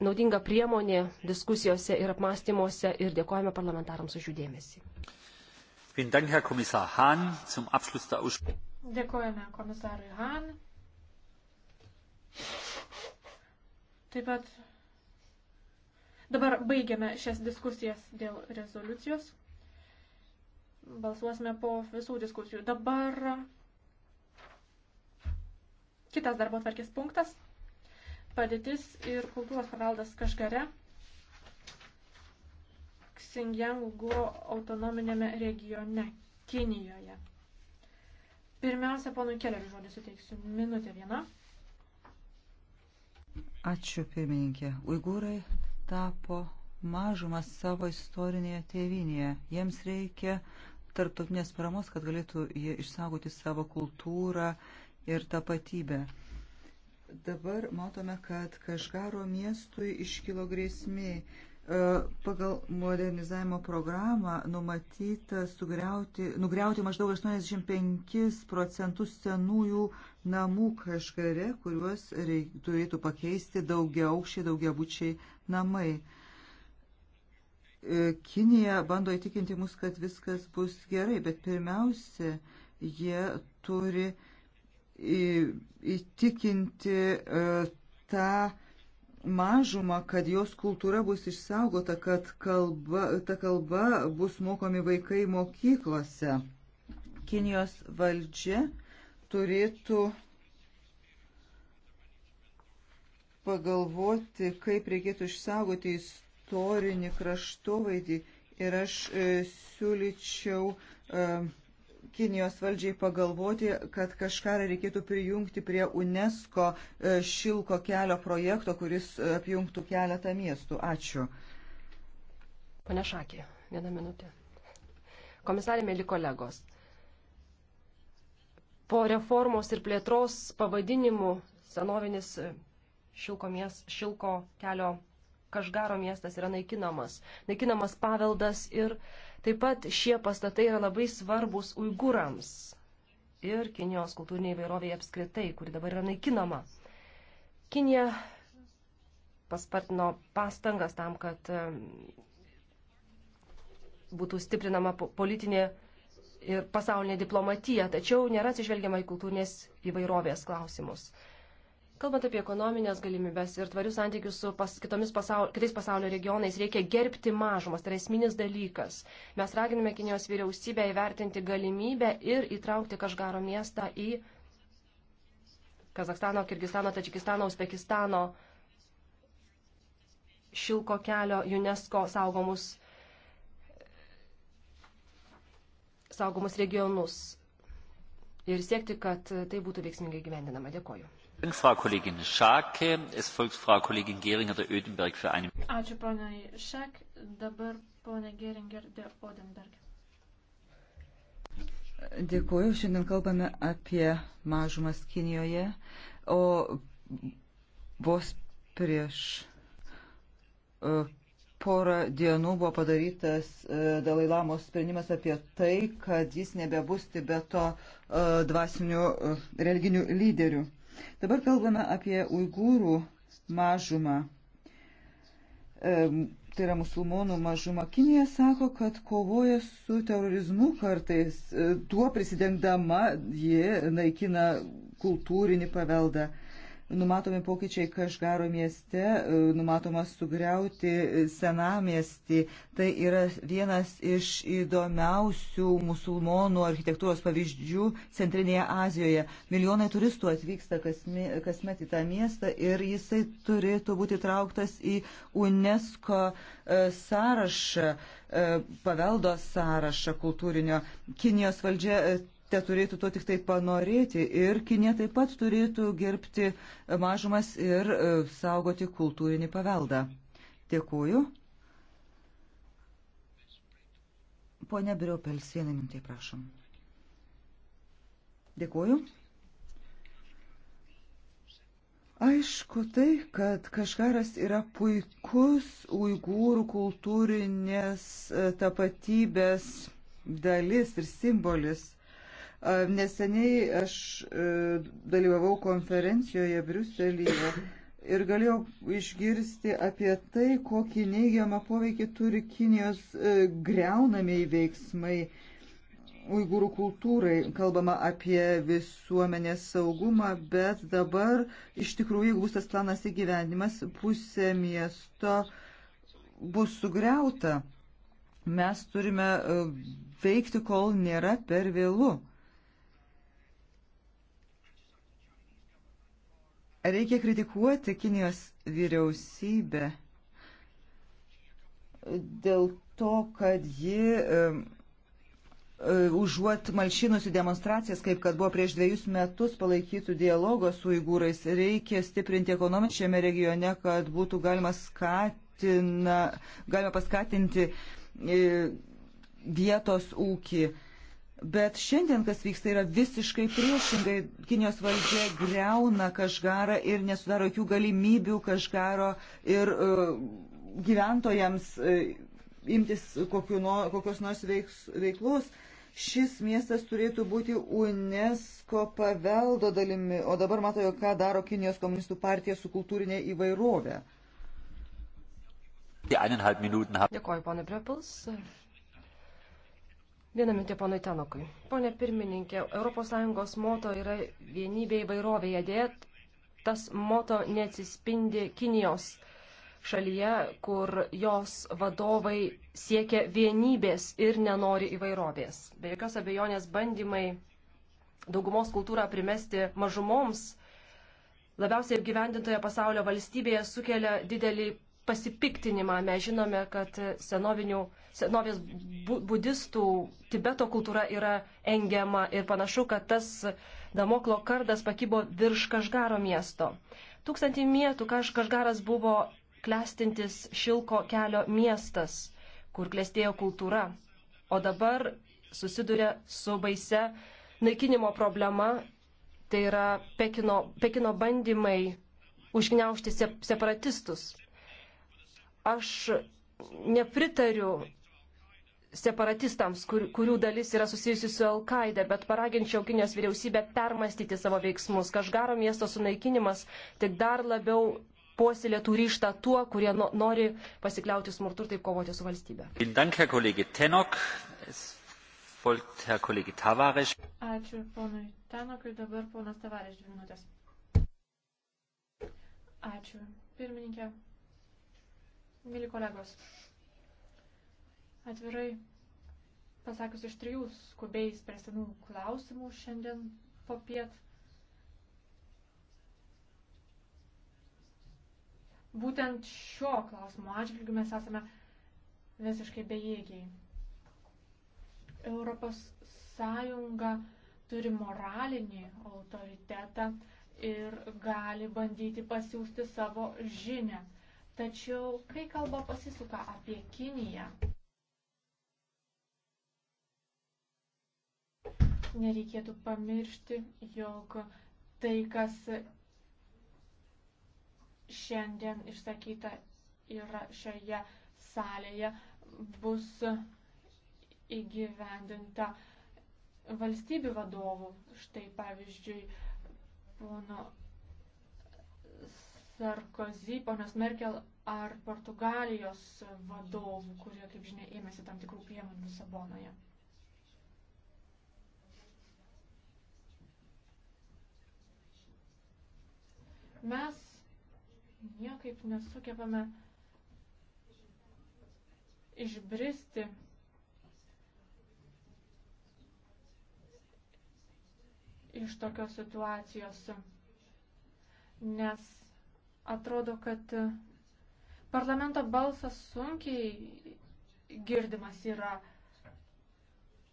naudinga priemonė diskusijose ir apmąstymuose ir dėkojame parlamentarams už jų dėmesį. Dėkojame komisarui Han. Taip pat dabar baigiame šias diskusijas dėl rezoliucijos. Balsuosime po visų diskusijų. Dabar kitas darbo tvarkės punktas. Padėtis ir kultūros paveldas Kašgare, Xinjiang Uguro autonominėme regione, Kinijoje. Pirmiausia, ponui Keleriui žodį suteiksiu. Minutė viena. Ačiū, pirmininkė. Uigūrai tapo mažumas savo istorinėje tėvinėje. Jiems reikia tarptautinės paramos, kad galėtų jie išsaugoti savo kultūrą ir tapatybę. Dabar matome, kad Kažgaro miestui iškilo grėsmė. E, pagal modernizavimo programą numatyta sugriauti, nugriauti maždaug 85 procentus senųjų namų Kažgare, kuriuos reik, turėtų pakeisti daugia aukščiai, daugia bučiai namai. E, Kinija bando įtikinti mus, kad viskas bus gerai, bet pirmiausia, jie turi uh, įtikinti e, tą mažumą, kad jos kultūra bus išsaugota, kad kalba, ta kalba bus mokomi vaikai mokyklose. Kinijos valdžia turėtų pagalvoti, kaip reikėtų išsaugoti istorinį kraštovaizdį ir aš e, siūlyčiau e, Kinijos valdžiai pagalvoti, kad kažką reikėtų prijungti prie UNESCO e, šilko kelio projekto, kuris e, apjungtų keletą miestų. Ačiū. Pane Šakė, vieną minutę. Komisarė, mėly kolegos, po reformos ir plėtros pavadinimu senovinis e, šilko, mies, šilko kelio Kažgaro miestas yra naikinamas. Naikinamas paveldas ir uh, Taip pat šie pastatai yra labai svarbus uigūrams ir Kinijos kultūriniai įvairoviai apskritai, kuri dabar yra naikinama. Kinija paspartino pastangas tam, kad būtų stiprinama politinė ir pasaulinė diplomatija, tačiau nėra atsižvelgiama į kultūrinės įvairovės klausimus. Kalbant apie ekonominės galimybės ir tvarius santykius su pas, kitomis pasaulio, kitais pasaulio regionais, reikia gerbti mažumas, tai yra esminis dalykas. Mes raginame Kinijos vyriausybę įvertinti galimybę ir įtraukti Kažgaro miestą į Kazakstano, Kirgistano, Tačikistano, Uzbekistano šilko kelio UNESCO saugomus, saugomus regionus ir siekti, kad tai būtų veiksmingai gyvendinama. Dėkoju. Frau Kollegin Šakė, es folgt Frau Kollegin Geringer de Oedenberg für eine. Ačiū poniai Šak, dabar ponia Geringer de Oedenberg. Dėkuoju, šiandien kalbame apie mažumas Kinijoje, o vos prieš e, porą dienų buvo padarytas e, Dalai Lamos sprendimas apie tai, kad jis nebebus Tibeto e, dvasinių religinių lyderių. Dabar kalbame apie uigūrų mažumą. E, tai yra musulmonų mažuma. Kinija sako, kad kovoja su terorizmu kartais. E, tuo prisidengdama ji naikina kultūrinį paveldą numatomi pokyčiai Kažgaro mieste, e, numatoma sugriauti senamiestį. Tai yra vienas iš įdomiausių musulmonų architektūros pavyzdžių Centrinėje Azijoje. Milijonai turistų atvyksta kasmet į tą miestą ir jisai turėtų būti trauktas į UNESCO e, sąrašą, e, paveldo sąrašą kultūrinio. Kinijos valdžia te turėtų to tik tai panorėti ir Kinė taip pat turėtų gerbti mažumas ir e, saugoti kultūrinį paveldą. Dėkuoju. Pone Briopels, vieną minutę prašom. Dėkuoju. Aišku tai, kad Kašgaras yra puikus uigūrų kultūrinės e, tapatybės dalis ir simbolis. Neseniai aš e, dalyvavau konferencijoje Briuselyje ir galėjau išgirsti apie tai, kokį neigiamą poveikį turi Kinijos e, greunamiai veiksmai uigūrų kultūrai. Kalbama apie visuomenės saugumą, bet dabar iš tikrųjų, jeigu bus tas planas įgyvendimas, pusė miesto bus sugriauta. Mes turime e, veikti, kol nėra per vėlu. Reikia kritikuoti Kinijos vyriausybę dėl to, kad ji um, užuot malšinusi demonstracijas, kaip kad buvo prieš dviejus metus palaikytų dialogo su uigūrais, reikia stiprinti ekonomiką šiame regione, kad būtų galima, skatina, galima paskatinti e, vietos ūkį Bet šiandien, kas vyksta, yra visiškai priešingai. Kinijos valdžia greuna kažgarą ir nesudaro jokių galimybių kažgaro ir uh, gyventojams uh, imtis no, kokios nors veiks, veiklos. Šis miestas turėtų būti UNESCO paveldo dalimi, o dabar matojo, ką daro Kinijos komunistų partija su kultūrinė įvairovė. Dėkoju, ponė Brepels. Vieną mintį ponui Tenokui. Pone pirmininkė, ES moto yra vienybė įvairovėje, dėt tas moto neatsispindi Kinijos šalyje, kur jos vadovai siekia vienybės ir nenori įvairovės. Be jokios abejonės bandymai daugumos kultūrą primesti mažumoms labiausiai apgyvendintoje pasaulio valstybėje sukelia didelį pasipiktinimą. Mes žinome, kad senovės budistų Tibeto kultūra yra engiama ir panašu, kad tas Damoklo kardas pakybo virš Kažgaro miesto. Tūkstantį metų Kažgaras buvo klestintis šilko kelio miestas, kur klestėjo kultūra, o dabar susiduria su baise naikinimo problema, tai yra Pekino, Pekino bandymai užgneušti separatistus. Aš nepritariu separatistams, kur, kurių dalis yra susijusi su Al-Qaeda, bet paraginčiau Kinijos vyriausybę permastyti savo veiksmus. Kažgaro miesto sunaikinimas tik dar labiau puoselėtų ryštą tuo, kurie no, nori pasikliauti smurtu ir taip kovoti su valstybe. Ačiū ponui Tenokui, dabar ponas Tavarės dvi minutės. Ačiū. Pirmininkė. Mili kolegos, atvirai pasakius iš trijų skubiai spręstinų klausimų šiandien po piet. Būtent šio klausimo atžvilgiu mes esame visiškai bejėgiai. Europos Sąjunga turi moralinį autoritetą ir gali bandyti pasiūsti savo žinę. Tačiau, kai kalba pasisuka apie Kiniją, nereikėtų pamiršti, jog tai, kas šiandien išsakyta yra šioje salėje, bus įgyvendinta valstybių vadovų. Štai pavyzdžiui, pono Sarkozy, ponios Merkel ar Portugalijos vadovų, kurie, kaip žinia, ėmėsi tam tikrų priemonių Lisabonoje. Mes niekaip nesugebame išbristi iš tokios situacijos, nes Atrodo, kad e, parlamento balsas sunkiai girdimas yra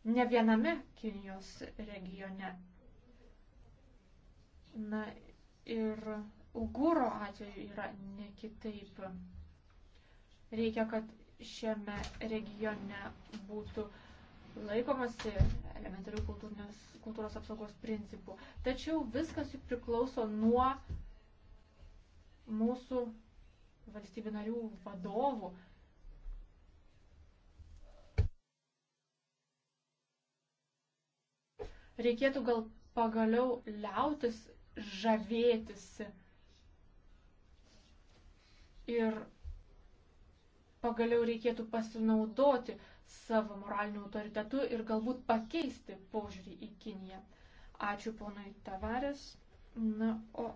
ne viename Kinijos regione. Na ir Ugūro atveju yra ne kitaip. Reikia, kad šiame regione būtų laikomasi elementarių kultūros apsaugos principų. Tačiau viskas juk priklauso nuo mūsų valstybių narių vadovų. Reikėtų gal pagaliau liautis žavėtis ir pagaliau reikėtų pasinaudoti savo moraliniu autoritetu ir galbūt pakeisti požiūrį į Kiniją. Ačiū ponui Tavarės. Na, o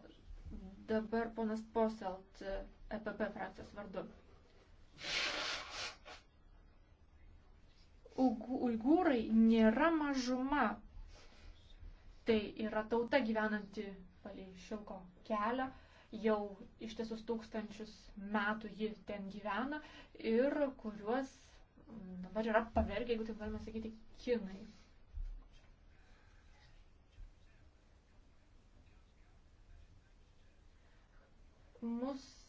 Dabar ponas Poselt, EPP frakcijos vardu. Uigūrai nėra mažuma. Tai yra tauta gyvenanti palei šilko kelią. Jau iš tiesų tūkstančius metų ji ten gyvena ir kuriuos dabar yra pavergę, jeigu taip galima sakyti, kinai. mus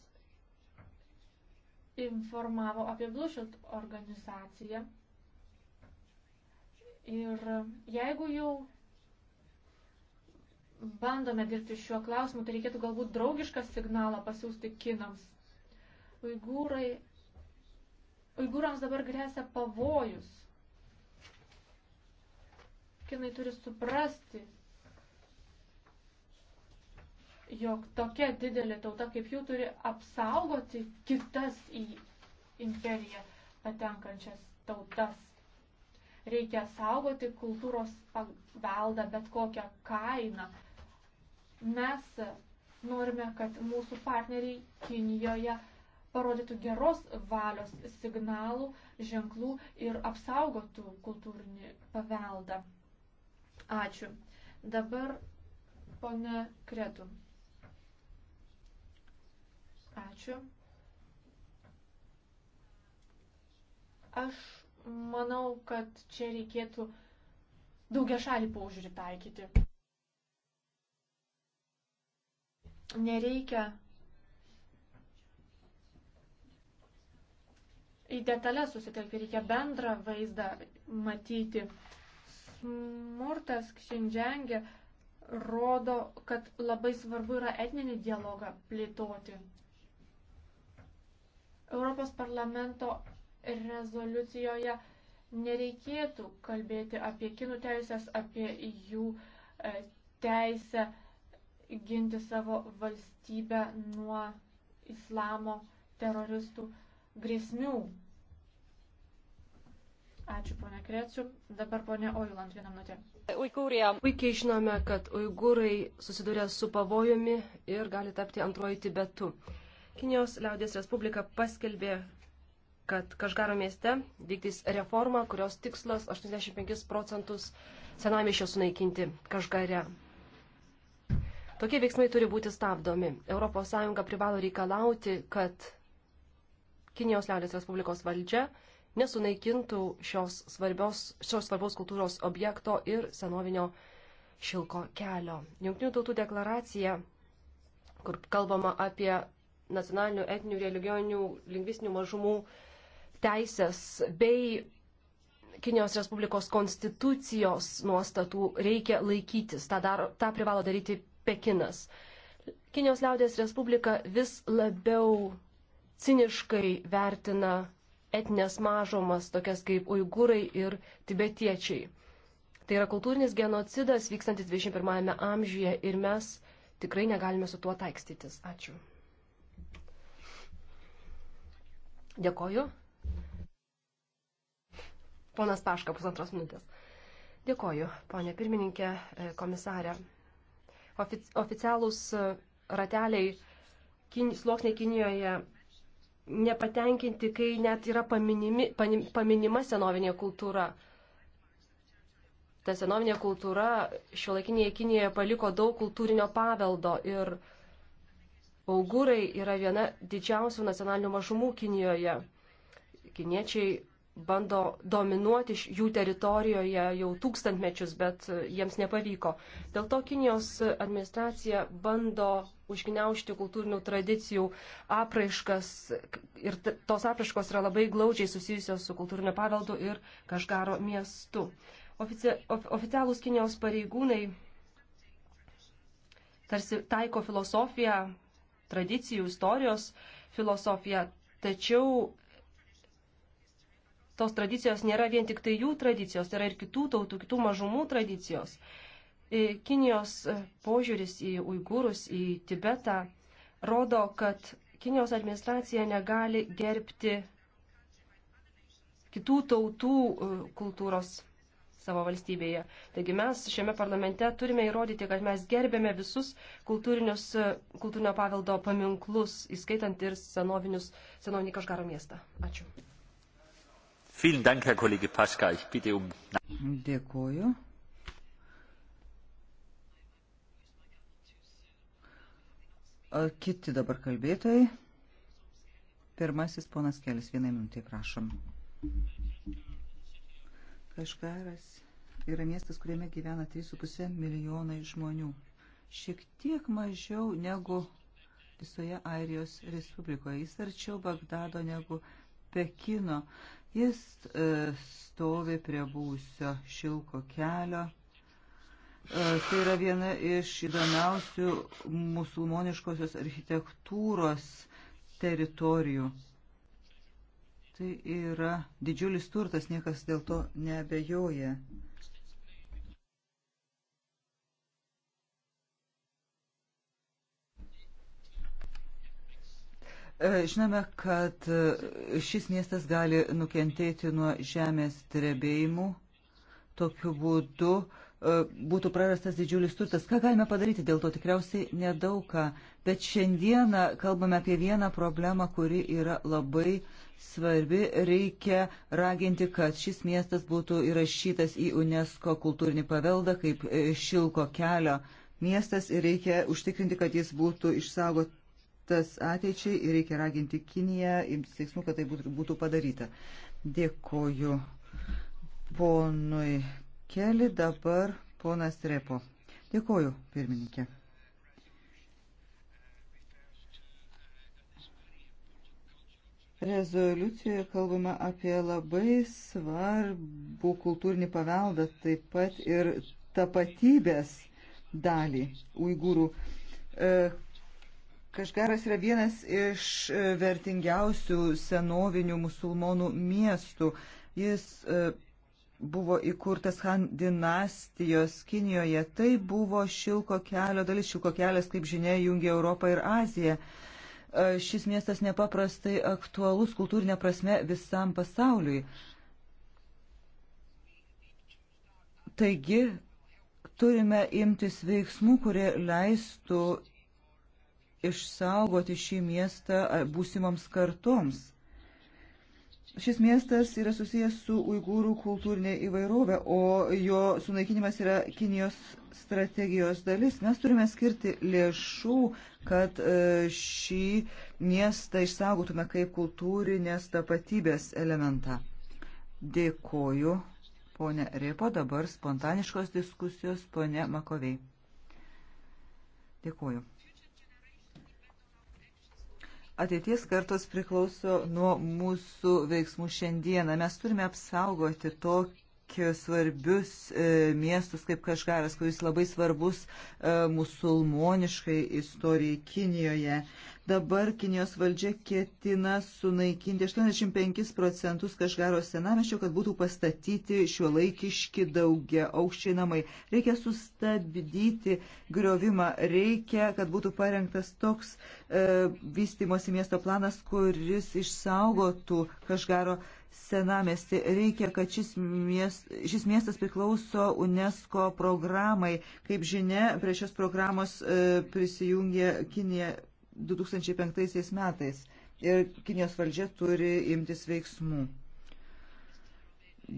informavo apie Blushit organizaciją. Ir jeigu jau bandome dirbti šiuo klausimu, tai reikėtų galbūt draugišką signalą pasiūsti kinams. Uigūrai, uigūrams dabar grėsia pavojus. Kinai turi suprasti, jog tokia didelė tauta kaip jų turi apsaugoti kitas į imperiją patenkančias tautas. Reikia saugoti kultūros paveldą bet kokią kainą. Mes norime, kad mūsų partneriai Kinijoje parodytų geros valios signalų, ženklų ir apsaugotų kultūrinį paveldą. Ačiū. Dabar pone Kretum. Ačiū. Aš manau, kad čia reikėtų daugia šalį paužiūrį taikyti. Nereikia į detalę susitelkti, reikia bendrą vaizdą matyti. Smurtas Kšindžiangė rodo, kad labai svarbu yra etninį dialogą plėtoti. Europos parlamento rezoliucijoje nereikėtų kalbėti apie kinų teisės, apie jų e, teisę ginti savo valstybę nuo islamo teroristų grėsmių. Ačiū, ponia Krečiu. Dabar ponia Oiland, vieną minutę. Uigūrija. Puikiai žinome, kad uigūrai susiduria su pavojumi ir gali tapti antroji Tibetu. Kinijos liaudės Respublika paskelbė, kad Kažgaro mieste vykdys reformą, kurios tikslas 85 procentus senamišio sunaikinti Kažgare. Tokie veiksmai turi būti stabdomi. ES privalo reikalauti, kad Kinijos liaudės Respublikos valdžia nesunaikintų šios, svarbios, šios svarbaus kultūros objekto ir senovinio šilko kelio. Junktinių tautų deklaracija, kur kalbama apie nacionalinių, etinių, religioninių, lingvistinių mažumų teisės bei Kinijos Respublikos konstitucijos nuostatų reikia laikytis. Ta, dar, ta privalo daryti Pekinas. Kinijos liaudės Respublika vis labiau ciniškai vertina etinės mažomas, tokias kaip uigūrai ir tibetiečiai. Tai yra kultūrinis genocidas vykstantis 21 amžiuje ir mes tikrai negalime su tuo taikstytis. Ačiū. Dėkoju. Ponas Paška, pusantros minutės. Dėkoju, ponė pirmininkė, e, komisarė. Ofic oficialūs e, rateliai kin sluoksniai Kinijoje nepatenkinti, kai net yra paminimi, paminima senovinė kultūra. Ta senovinė kultūra šiuolaikinėje Kinijoje paliko daug kultūrinio paveldo ir uh, Augūrai yra viena didžiausių nacionalinių mažumų Kinijoje. Kiniečiai bando dominuoti jų teritorijoje jau tūkstantmečius, bet e, jiems nepavyko. Dėl to Kinijos administracija bando užgneušti kultūrinių tradicijų apraiškas ir tos apraiškos yra labai glaudžiai susijusios su kultūrinio paveldu ir Kažgaro miestu. Ofici of oficialūs Kinijos pareigūnai tarsi taiko filosofiją, tradicijų, istorijos filosofiją, tačiau tos tradicijos nėra vien tik tai jų tradicijos, tai yra ir kitų tautų, kitų mažumų tradicijos. E, Kinijos požiūris į Uigūrus, į Tibetą rodo, kad Kinijos administracija negali gerbti kitų tautų e, kultūros savo valstybėje. Taigi mes šiame parlamente turime įrodyti, kad mes gerbėme visus e, kultūrinio paveldo paminklus, įskaitant ir senovinį Kažgaro miestą. Ačiū. Um- Dėkuoju. Kiti dabar kalbėtojai. Pirmasis ponas Kelis, vienai minutai, prašom. Kašgaras yra miestas, kuriame gyvena 3,5 milijonai žmonių. Šiek tiek mažiau negu visoje Airijos Respublikoje. Jis arčiau Bagdado negu Pekino. Jis e, stovi prie būsio šilko kelio. E, tai yra viena iš įdomiausių musulmoniškosios architektūros teritorijų. Tai yra didžiulis turtas, niekas dėl to nebejoja. E, žinome, kad e, šis miestas gali nukentėti nuo žemės drebėjimų. Tokiu būdu e, būtų prarastas didžiulis turtas. Ką galime padaryti dėl to? Tikriausiai nedaug ką. Bet šiandieną kalbame apie vieną problemą, kuri yra labai svarbi, reikia raginti, kad šis miestas būtų įrašytas į UNESCO kultūrinį paveldą kaip e, šilko kelio miestas ir reikia užtikrinti, kad jis būtų išsaugotas ateičiai ir reikia raginti Kiniją imtis veiksmų, kad tai būtų padaryta. Dėkoju ponui Keli, dabar ponas Repo. Dėkoju, pirmininkė. Rezoliucijoje kalbama apie labai svarbų kultūrinį paveldą, taip pat ir tapatybės dalį uigūrų. E, Kažgaras yra vienas iš e, vertingiausių senovinių musulmonų miestų. Jis e, buvo įkurtas Han dinastijos Kinijoje. Tai buvo šilko kelio dalis. Šilko kelias, kaip žinia, jungia Europą ir Aziją. E, šis miestas nepaprastai aktualus kultūrinė prasme visam pasauliui. Taigi, turime imtis veiksmų, kurie leistų išsaugoti šį miestą būsimoms kartoms. Šis miestas yra susijęs su uigūrų kultūrinė įvairovė, o jo sunaikinimas yra Kinijos strategijos dalis. Mes turime skirti lėšų, kad e, šį miestą išsaugotume kaip kultūrinės tapatybės elementą. Dėkoju, ponė Repo, dabar spontaniškos diskusijos, ponė Makovei. Dėkoju ateities kartos priklauso nuo mūsų veiksmų šiandieną. Mes turime apsaugoti tokius svarbius e, miestus kaip Kažgaras, kuris labai svarbus e, musulmoniškai istorijai Kinijoje. E, Dabar Kinijos valdžia ketina sunaikinti 85 procentus Kažgaro senameščio, kad būtų pastatyti šio laikiški daugia aukščiai namai. Reikia sustabdyti griovimą, reikia, kad būtų parengtas toks e, vystimosi miesto planas, kuris išsaugotų Kažgaro senamesti. Reikia, kad šis, miest, šis miestas priklauso UNESCO programai. Kaip žinia, prie šios programos e, prisijungė Kinija 2005 metais ir Kinijos valdžia turi imtis veiksmų.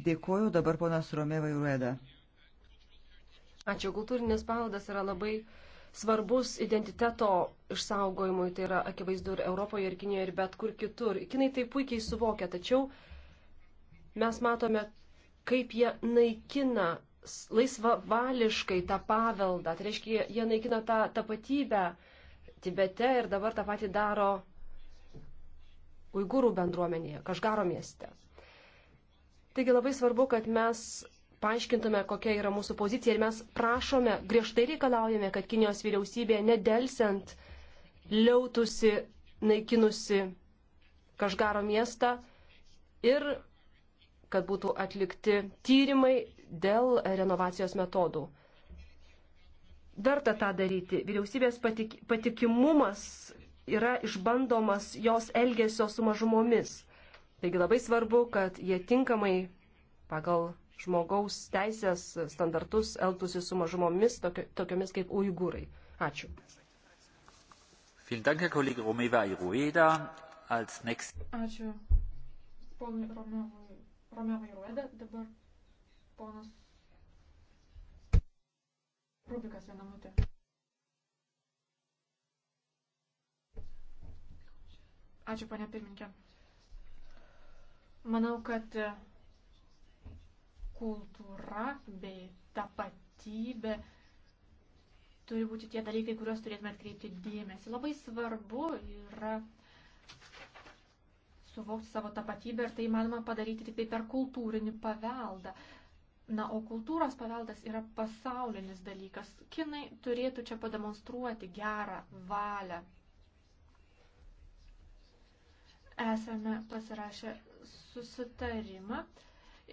Dėkoju dabar ponas Romeva Jurueda. Ačiū. Kultūrinis paveldas yra labai svarbus identiteto išsaugojimui, tai yra akivaizdu ir Europoje, ir Kinijoje, ir bet kur kitur. Kinai tai puikiai suvokia, tačiau mes matome, kaip jie naikina laisvavališkai tą paveldą, tai reiškia, jie naikina tą tapatybę, Tibete ir dabar tą patį daro Uigūrų bendruomenėje, Kažgaro mieste. Taigi labai svarbu, kad mes paaiškintume, kokia yra mūsų pozicija ir mes prašome, griežtai reikalaujame, kad Kinijos vyriausybė nedelsiant liautusi, naikinusi Kažgaro miestą ir kad būtų atlikti tyrimai dėl renovacijos metodų verta tą daryti. Vyriausybės patik, patikimumas yra išbandomas jos elgesio su mažumomis. Taigi labai svarbu, kad jie tinkamai pagal žmogaus teisės standartus elgtųsi su mažumomis, tokio, tokiomis kaip uigūrai. Ačiū. Ačiū. Ponui Romevui Rueda, dabar ponas Rubikas vieną minutę. Ačiū, ponia pirminkė. Manau, kad kultūra bei tapatybė turi būti tie dalykai, kuriuos turėtume atkreipti dėmesį. Labai svarbu yra suvokti savo tapatybę ir tai manoma padaryti tik tai per kultūrinį paveldą. Na, o kultūros paveldas yra pasaulinis dalykas. Kinai turėtų čia pademonstruoti gerą valią. Esame pasirašę susitarimą.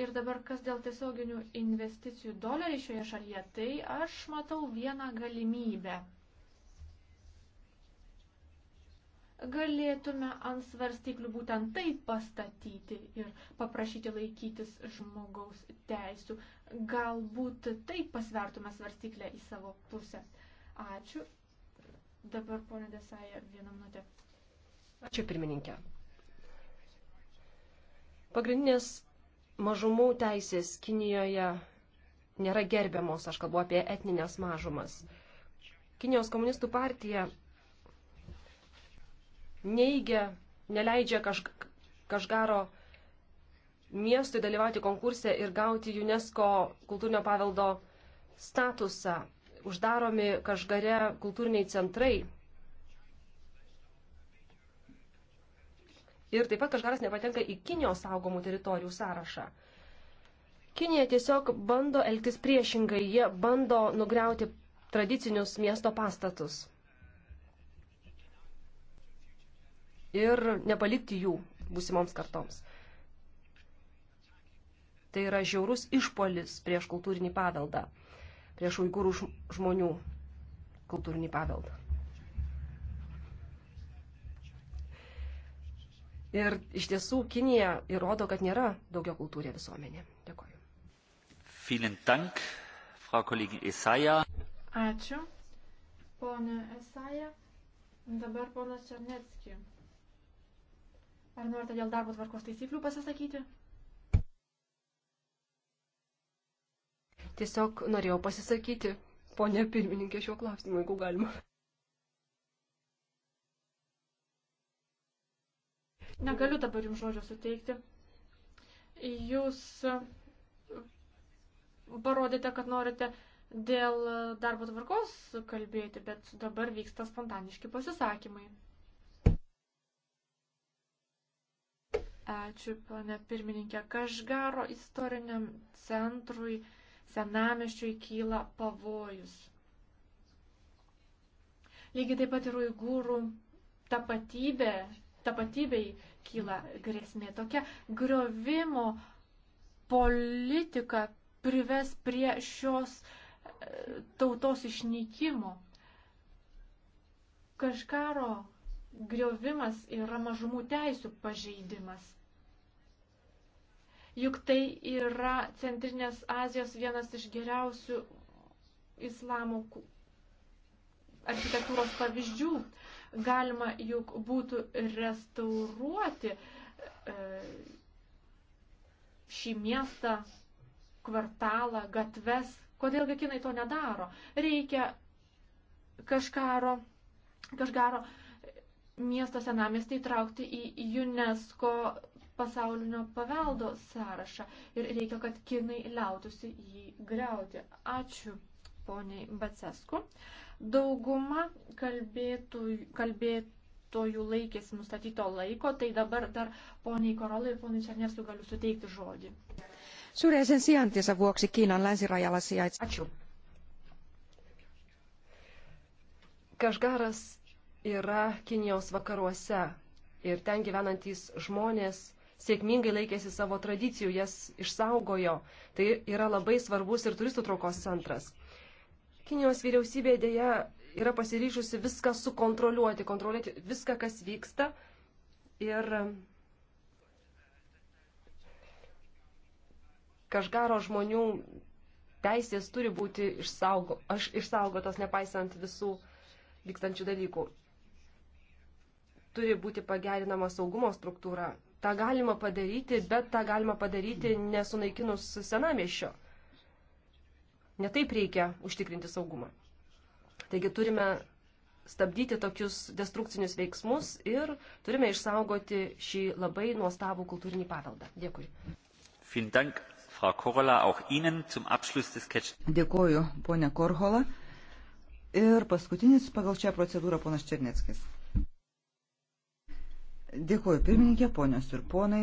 Ir dabar kas dėl tiesioginių investicijų doleriai šioje šalyje, tai aš matau vieną galimybę galėtume ant svarstyklių būtent taip pastatyti ir paprašyti laikytis žmogaus teisų. Galbūt taip pasvertume svarstyklę į savo pusę. Ačiū. Dabar ponė Desaja vieną minutę. Ačiū pirmininkė. Pagrindinės mažumų teisės Kinijoje nėra gerbiamos, aš kalbu apie etninės mažumas. Kinijos komunistų partija neigia, neleidžia kažk kažkaro miestui dalyvauti konkurse ir gauti UNESCO kultūrinio paveldo statusą. Uždaromi kažkare kultūriniai centrai. Ir taip pat kažkaras nepatenka į Kinijos saugomų teritorijų sąrašą. Kinija tiesiog bando elgtis priešingai, jie bando nugriauti tradicinius miesto pastatus. ir nepalikti jų būsimoms kartoms. Tai yra žiaurus išpolis prieš kultūrinį paveldą, prieš uigūrų žmonių kultūrinį paveldą. Ir iš tiesų Kinija įrodo, kad nėra daugia kultūrė visuomenė. Dėkoju. Dank, Frau Ačiū, ponė Esaja. Dabar ponas Černetskis. Ar norite dėl darbo tvarkos taisyklių pasisakyti? Tiesiog norėjau pasisakyti, ponė pirmininkė, šiuo klausimu, jeigu galima. Negaliu dabar jums žodžio suteikti. Jūs e, parodėte, kad norite dėl darbo tvarkos kalbėti, bet dabar vyksta spontaniški pasisakymai. Ačiū, ponė pirmininkė. Kažgaro istoriniam centrui, senameščiui kyla pavojus. Lygiai taip pat ir uigūrų tapatybė, tapatybei kyla grėsmė. Tokia griovimo politika prives prie šios e, tautos išnykimo. Kažkaro griovimas yra mažumų teisų pažeidimas juk tai yra Centrinės Azijos vienas iš geriausių islamo architektūros pavyzdžių. Galima juk būtų restauruoti e, šį miestą, kvartalą, gatves. Kodėlgi kinai to nedaro? Reikia kažkaro, kažkaro miesto senamestį įtraukti į UNESCO pasaulinio paveldo sąrašą ir reikia, kad kinai liautųsi jį greuti. Ačiū poniai Bacesku. Dauguma kalbėtojų, kalbėtojų laikėsi nustatyto laiko, tai dabar dar poniai Korolai ir poniai Černesku galiu suteikti žodį. Syrjäisen sijaintinsa vuoksi Kiinan länsirajalla sijaitsee. Ačiū. Kažgaras yra Kinijos vakaruose ir ten gyvenantys žmonės sėkmingai laikėsi savo tradicijų, jas išsaugojo. Tai yra labai svarbus ir turistų traukos centras. Kinijos vyriausybė dėja yra pasiryžusi viską sukontroliuoti, kontroliuoti viską, kas vyksta. Ir kažgaro žmonių teisės turi būti išsaugo, aš, išsaugotos, nepaisant visų vykstančių dalykų. Turi būti pagerinama saugumo struktūra tą galima padaryti, bet tą galima padaryti nesunaikinus senamiešio. Netaip reikia užtikrinti saugumą. Taigi turime stabdyti tokius destrukcinius veiksmus ir turime išsaugoti šį labai nuostabų kultūrinį paveldą. Dėkui. Dėkoju, ponė Korhola. Ir paskutinis pagal šią procedūrą ponas Černeckis. Dėkuoju pirmininkė, ponios ir ponai.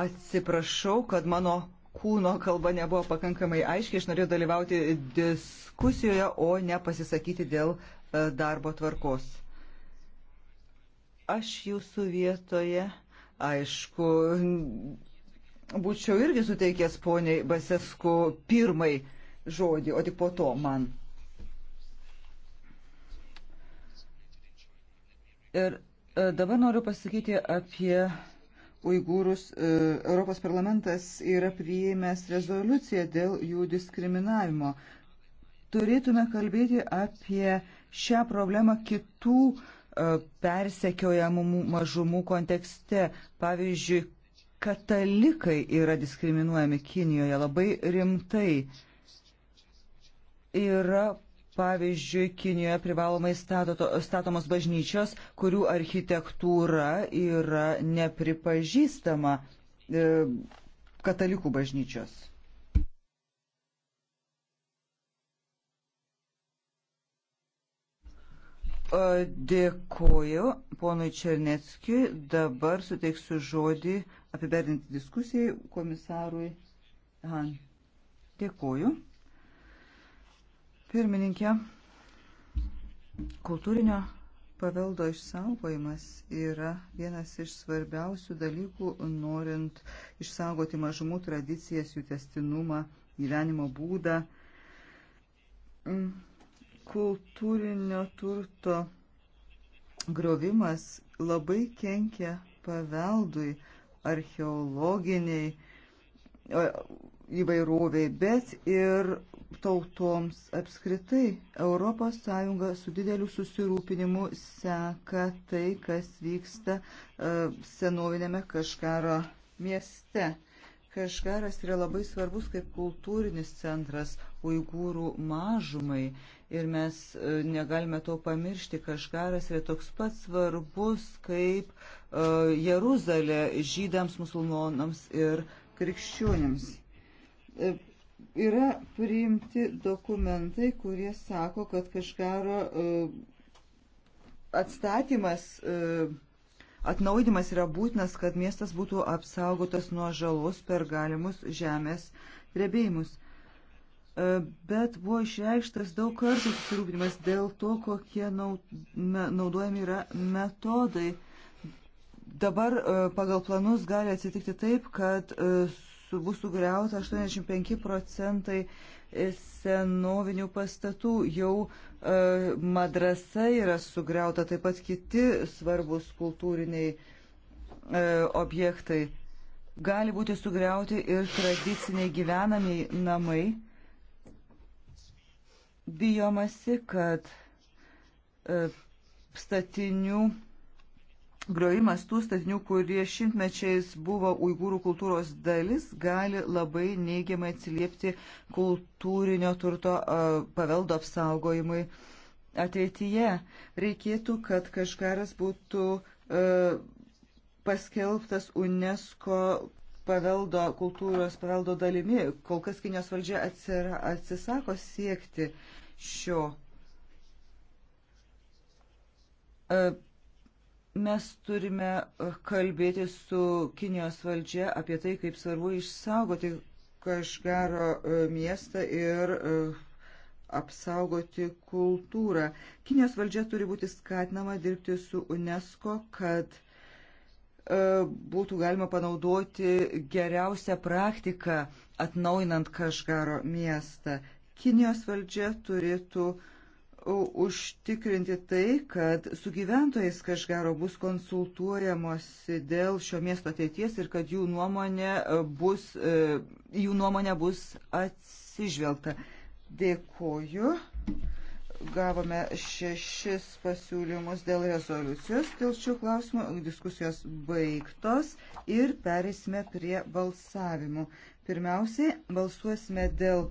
Atsiprašau, kad mano kūno kalba nebuvo pakankamai aiškiai. Aš norėjau dalyvauti diskusijoje, o ne pasisakyti dėl e, darbo tvarkos. Aš jūsų vietoje, aišku, būčiau irgi suteikęs poniai Basesku pirmai žodį, o tik po to man. Ir e, dabar noriu pasakyti apie Uigūrus. E, Europos parlamentas yra priėmęs rezoliuciją dėl jų diskriminavimo. Turėtume kalbėti apie šią problemą kitų e, persekiojamų mažumų kontekste. Pavyzdžiui, katalikai yra diskriminuojami Kinijoje labai rimtai. Yra Pavyzdžiui, Kinijoje privalomai statoto, statomos bažnyčios, kurių architektūra yra nepripažįstama e, katalikų bažnyčios. Dėkoju ponui Černeckiui. Dabar suteiksiu žodį apibendinti diskusijai komisarui Han. Dėkoju. Pirmininkė, kultūrinio paveldo išsaugojimas yra vienas iš svarbiausių dalykų, norint išsaugoti mažumų tradicijas, jų testinumą, gyvenimo būdą. Mm, kultūrinio turto griovimas labai kenkia paveldui, archeologiniai įvairoviai, bet ir tautoms apskritai. ES su dideliu susirūpinimu seka tai, kas vyksta e, senovinėme Kaškaro mieste. Kaškaras yra labai svarbus kaip kultūrinis centras uigūrų mažumai ir mes e, negalime to pamiršti. Kaškaras yra toks pat svarbus kaip uh, Jeruzalė žydams, musulmonams ir krikščionims. E, yra priimti dokumentai, kurie sako, kad kažkaro e, atstatymas, e, atnaudimas yra būtinas, kad miestas būtų apsaugotas nuo žalos per galimus žemės drebėjimus bet buvo išreikštas daug kartų susirūpinimas dėl to, kokie naudojami yra metodai. Dabar pagal planus gali atsitikti taip, kad su, bus sugriauta 85 procentai senovinių pastatų. Jau e, madrasa yra sugriauta, taip pat kiti svarbus kultūriniai e, objektai. Gali būti sugriauti ir tradiciniai gyvenamiai namai. Bijomasi, kad e, statinių griojimas tų statinių, kurie šimtmečiais buvo uigūrų kultūros dalis, gali labai neigiamai atsiliepti kultūrinio turto paveldo apsaugojimui ateityje. Reikėtų, kad kažkaras būtų paskelbtas UNESCO paveldo, kultūros paveldo dalimi. Kol kas Kinijos valdžia atsira, atsisako siekti šio. Uh, Mes turime e, kalbėti su Kinijos valdžia apie tai, kaip svarbu išsaugoti Kažgaro e, miestą ir e, apsaugoti kultūrą. Kinijos valdžia turi būti skatinama dirbti su UNESCO, kad būtų galima panaudoti geriausią praktiką atnaujinant Kažgaro miestą. Kinijos valdžia turėtų uh, užtikrinti tai, kad su gyventojais kažkaro bus konsultuojamosi dėl šio miesto ateities ir kad jų nuomonė e, bus, e, jų nuomonė bus atsižvelgta. Dėkoju. Gavome šešis pasiūlymus dėl rezoliucijos. Dėl šių klausimų diskusijos baigtos ir perėsime prie balsavimų. Pirmiausiai balsuosime dėl.